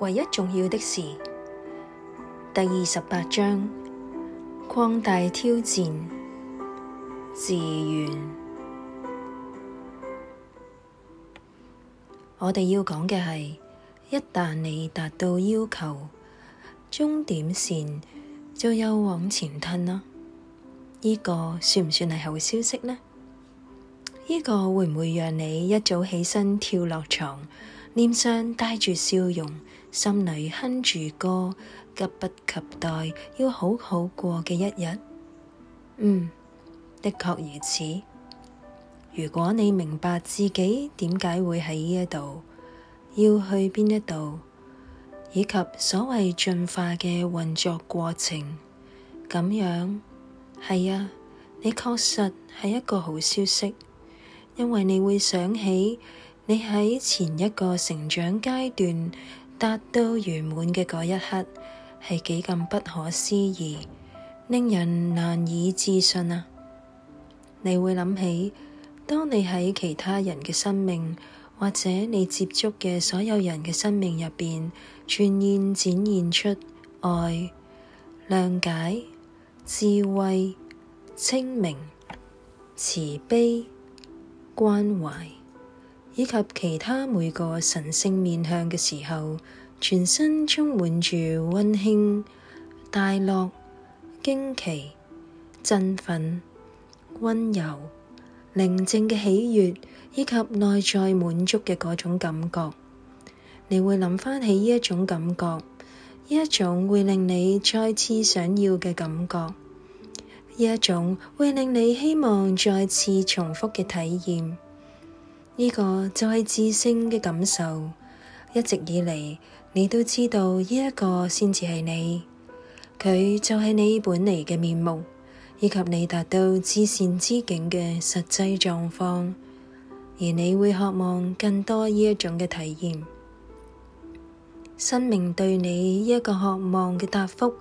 唯一重要的事，第二十八章，擴大挑戰，自願。 我哋要講嘅係，一旦你達到要求，終點線就又往前吞啦。呢個算唔算係好消息呢？呢個會唔會讓你一早起身跳落床，臉上帶住笑容？心裏哼住歌，急不及待要好好過嘅一日。嗯，的確如此。如果你明白自己點解會喺呢一度，要去邊一度，以及所謂進化嘅運作過程，咁樣，係啊，你確實係一個好消息，因為你會想起你喺前一個成長階段。達到圓滿嘅嗰一刻，係幾咁不可思議，令人難以置信啊！你會諗起，當你喺其他人嘅生命，或者你接觸嘅所有人嘅生命入邊，全然展現出愛、諒解、智慧、清明、慈悲、關懷。以及其他每個神聖面向嘅時候，全身充滿住溫馨、大樂、驚奇、振奮、溫柔、寧靜嘅喜悅，以及內在滿足嘅嗰種感覺。你會諗翻起呢一種感覺，呢一種會令你再次想要嘅感覺，呢一種會令你希望再次重複嘅體驗。呢個就係自升嘅感受，一直以嚟你都知道呢一個先至係你，佢就係你本嚟嘅面目，以及你達到至善之境嘅實際狀況。而你會渴望更多呢一種嘅體驗，生命對你呢一個渴望嘅答覆，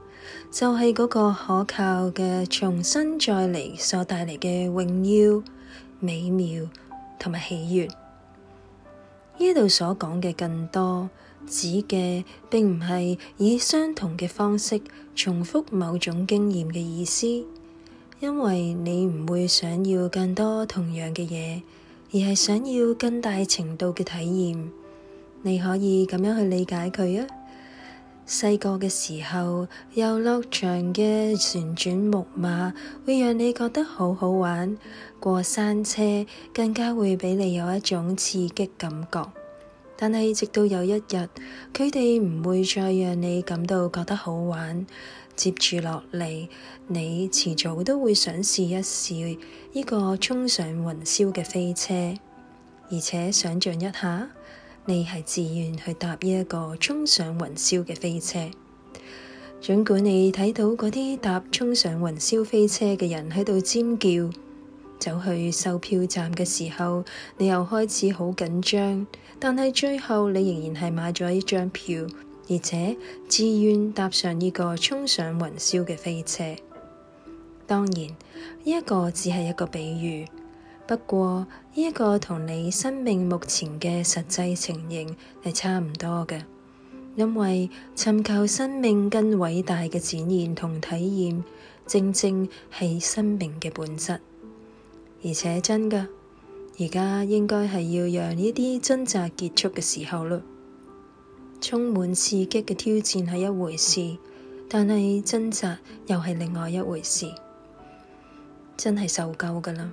就係、是、嗰個可靠嘅重新再嚟所帶嚟嘅榮耀美妙。同埋喜悅，呢度所講嘅更多指嘅，並唔係以相同嘅方式重複某種經驗嘅意思，因為你唔會想要更多同樣嘅嘢，而係想要更大程度嘅體驗。你可以咁樣去理解佢啊。細個嘅時候，遊樂場嘅旋轉木馬會讓你覺得好好玩，過山車更加會畀你有一種刺激感覺。但係直到有一日，佢哋唔會再讓你感到覺得好玩，接住落嚟，你遲早都會想試一試呢個衝上雲霄嘅飛車，而且想象一下。你係自願去搭呢一個衝上雲霄嘅飛車，盡管你睇到嗰啲搭衝上雲霄飛車嘅人喺度尖叫，走去售票站嘅時候，你又開始好緊張，但係最後你仍然係買咗呢張票，而且自願搭上呢個衝上雲霄嘅飛車。當然，呢一個只係一個比喻。不過呢一個同你生命目前嘅實際情形係差唔多嘅，因為尋求生命更偉大嘅展現同體驗，正正係生命嘅本質。而且真噶，而家應該係要讓呢啲掙扎結束嘅時候咯。充滿刺激嘅挑戰係一回事，但係掙扎又係另外一回事，真係受夠噶啦。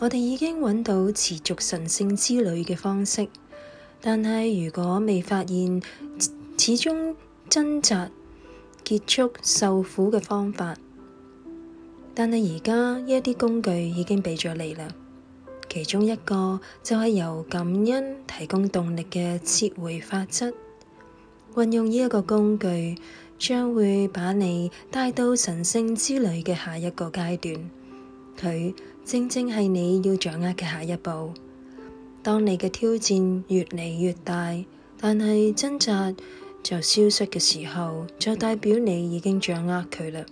我哋已經揾到持續神聖之旅嘅方式，但係如果未發現始終掙扎結束受苦嘅方法，但係而家呢一啲工具已經畀咗你啦。其中一個就係由感恩提供動力嘅撤回法則，運用呢一個工具，將會把你帶到神聖之旅嘅下一個階段。佢。正正係你要掌握嘅下一步。當你嘅挑戰越嚟越大，但係掙扎就消失嘅時候，就代表你已經掌握佢啦。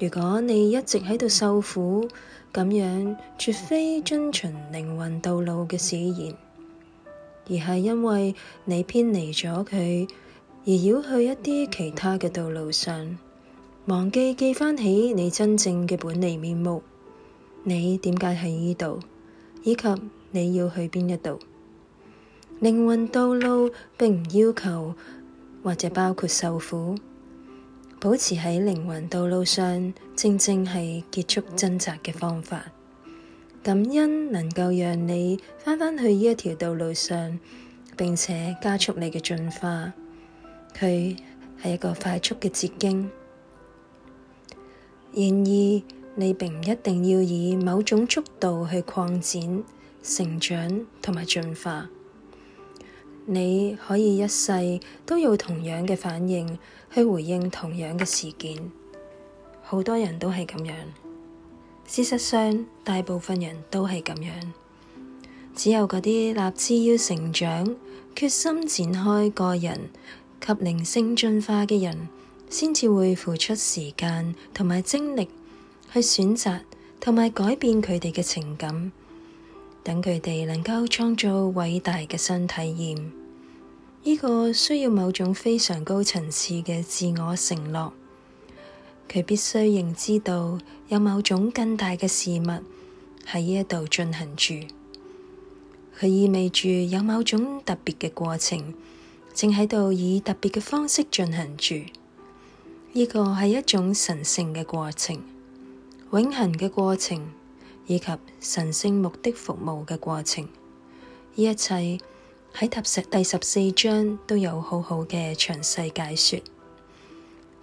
如果你一直喺度受苦，咁樣絕非遵循靈魂道路嘅使然，而係因為你偏離咗佢，而繞去一啲其他嘅道路上，忘記記翻起你真正嘅本嚟面目。你點解喺呢度？以及你要去邊一度？靈魂道路並唔要求或者包括受苦，保持喺靈魂道路上，正正係結束掙扎嘅方法。感恩能夠讓你翻返去呢一條道路上，並且加速你嘅進化。佢係一個快速嘅捷徑，然而。你並唔一定要以某種速度去擴展、成長同埋進化。你可以一世都有同樣嘅反應，去回應同樣嘅事件。好多人都係咁樣，事實上大部分人都係咁樣。只有嗰啲立志要成長、決心展開個人及靈性進化嘅人，先至會付出時間同埋精力。去選擇同埋改變佢哋嘅情感，等佢哋能夠創造偉大嘅新體驗。呢個需要某種非常高層次嘅自我承諾。佢必須認知到有某種更大嘅事物喺呢度進行住。佢意味住有某種特別嘅過程正喺度以特別嘅方式進行住。呢個係一種神聖嘅過程。永恆嘅過程，以及神聖目的服務嘅過程，呢一切喺踏實第十四章都有好好嘅詳細解說。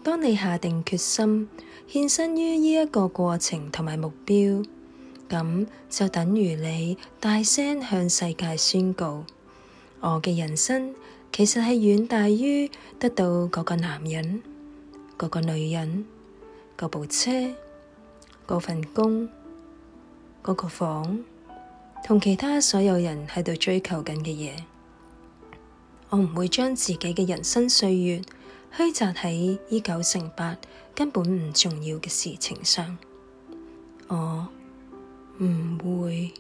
當你下定決心獻身於呢一個過程同埋目標，咁就等於你大聲向世界宣告：我嘅人生其實係遠大於得到嗰個男人、嗰、嗰個女人、嗰部車。嗰份工，嗰個房，同其他所有人喺度追求緊嘅嘢，我唔會將自己嘅人生歲月虛擲喺依九成八根本唔重要嘅事情上，我唔會。